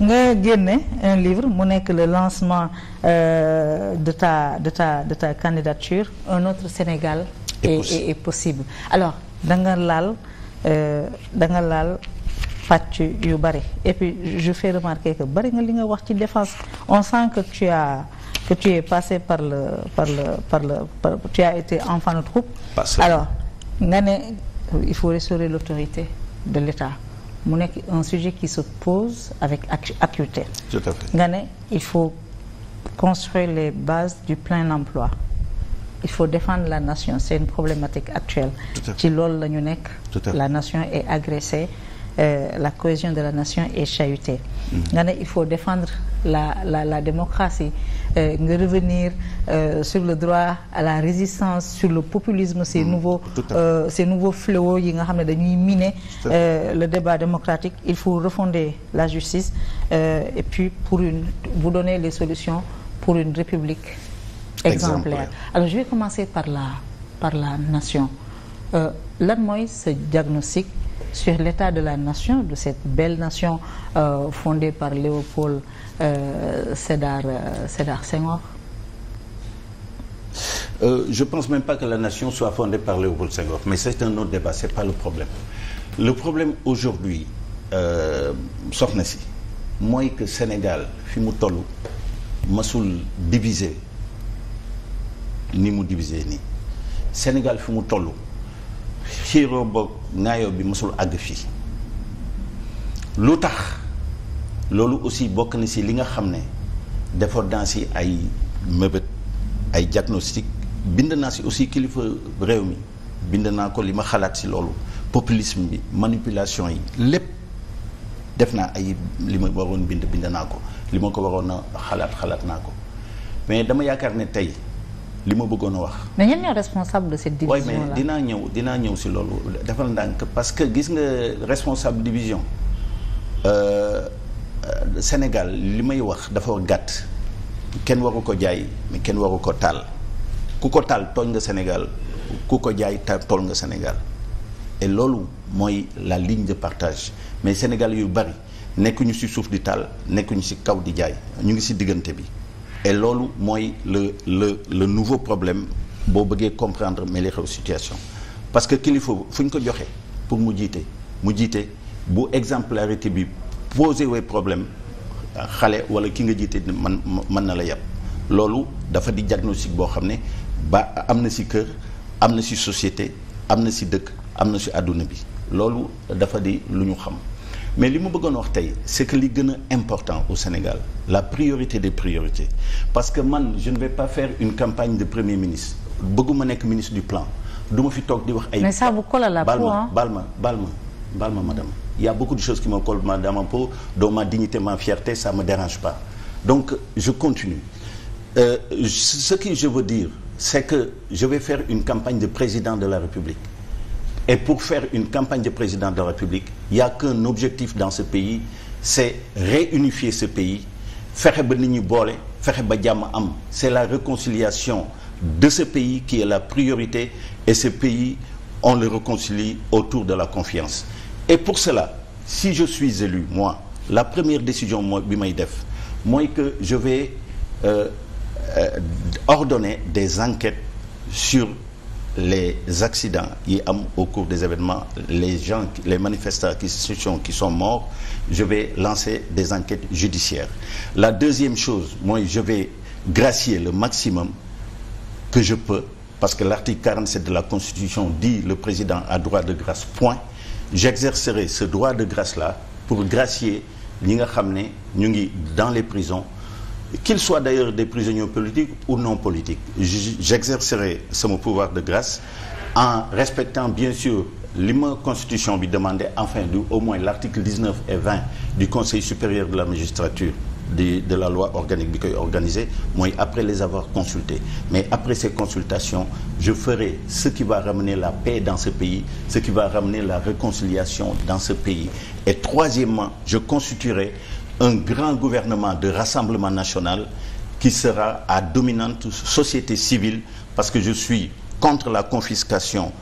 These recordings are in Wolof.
nga génne un livre mu nekk le lancement euh, de ta de ta de ta candidature un autre Sénégal et possible. alors da nga laal euh, da nga laal pàcc yu bëri et puis je fais remarquer que bari nga li nga wax ci défense on sent que tu as que tu es par le par le par le par, tu as été enfant de troupe alors nga ne il faut restaurer l'autorité de l'État mu nekk un sujet qui se pose avec acuité tout à fait nga ne il faut construire les bases du plein emploi il faut défendre la nation c'est une problématique actuelle ci loolu la ñu nekk la nation est agressée euh, la cohésion de la nation est chahutée mm-hmm. nga ne il faut défendre la la la démocratie euh, nga revenir euh, sur le droit à la résistance sur le populisme ces mmh, nouveaux euh, ces yi nga xam ne dañuy miner euh, le débat démocratique il faut refonder la justice euh, et puis pour une vous donner les solutions pour une république exemplaire, exemplaire. alors je vais commencer par la par la nation euh, lan mooy ce diagnostic sur l'état de la nation, de cette belle nation euh, fondée par Léopold euh, Sédar euh, Sédar Senghor euh, je pense même pas que la nation soit fondée par Léopold Senghor, mais c'est un autre débat, c'est pas le problème. Le problème aujourd'hui soxna si mooy que Sénégal fi mu toll masul diviser ni mu diviser nii Sénégal fi mu toll xiiroo boog ngaayoo bi mosul àgg fii lu tax loolu aussi bokk na si li nga xam ne defoon naa si ay mëbët ay diagnostic bind naa si aussi kilifa réew mi bind naa ko li ma xalaat si loolu populisme bi manipulation yi lépp def naa ay li ma waroon bind bind naa ko li ma ko waroon a xalaat xalaat naa ko mais dama yaakaar ne tey li ma bëggoon a wax. mais ñenn ñoo responsable de cette division là. dinaa ñëw dinaa ñëw si loolu defal ndànk parce que gis nga responsable division euh, euh, Sénégal li may wax dafa gàtt kenn waru ko jaay kenn waru ko taal ku ko taal tooñ nga Sénégal ku ko jaay tool nga Sénégal te loolu mooy la ligne de partage mais Sénégal yu bari nekkuñu si suuf di taal nekkuñu si kaw di jaay ñu ngi si diggante bi. et loolu mooy le le le nouveau problème boo bëggee comprendre mais li xew situation parce que kilifa fu ñu ko joxe pour mu jiite mu jiite bu exemplarité bi posé wee problème xale wala ki nga jiite man mën na la yàpp loolu dafa di diagnostic boo xam ne ba am na si kër am na si société am na si dëkk am na si àdduna bi loolu dafa di lu ñu xam mais li mu bëggoon wax tey c'est que li gën a important au Sénégal la priorité des priorités parce que man je ne vais pas faire une campagne de premier ministre bëgguma nekk ministre du plan du ma fi toog di wax ay. mais ça vous colle à la peau ma baal ma baal ma madame. il a beaucoup de choses qui me collent ma peau dont ma dignité ma fierté ça me dérange pas donc je continue euh, ce que je veux dire c'est que je vais faire une campagne de président de la République et pour faire une campagne de président de la République y a qu'un objectif dans ce pays c'est réunifier ce pays fexe ba nit ñi boole fexe ba jàmm am c'est la réconciliation de ce pays qui est la priorité et ce pays on le réconcilie autour de la confiance et pour cela si je suis élu moi la première décision mooy bi may def mooy que je vais euh, euh, ordonner des enquêtes sur les accidents yi am au cours des événements les gens les manifestants qui sont qui sont morts je vais lancer des enquêtes judiciaires la deuxième chose mooy je vais gracier le maximum que je peux parce que l'article 47 de la Constitution dit le président a droit de grâce point j'exercerai ce droit de grâce pour gracier ñi nga xam ne ñu ngi dans les prisons qu'ils soient d'ailleurs des prisonniers politiques ou non politiques j'exercerai sama pouvoir de grâce en respectant bien sûr li ma constitution bi demandait enfin du au moins l'article 19 et 20 du Conseil supérieur de la magistrature de de la loi organique bi koy organisé mooy après les avoir consultés mais après ces consultations je ferai ce qui la paix dans ce pays ce qui va la réconciliation dans ce pays et je constituerai un grand gouvernement de rassemblement national qui sera à dominante société civile parce que je suis contre la confiscation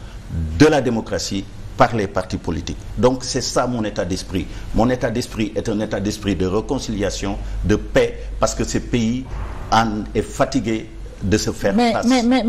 de la démocratie par les partis politiques. Donc c'est ça mon état d'esprit. Mon état d'esprit est un état d'esprit de réconciliation, de paix, parce que ce pays en est fatigué de se faire mais, face. Mais, mais,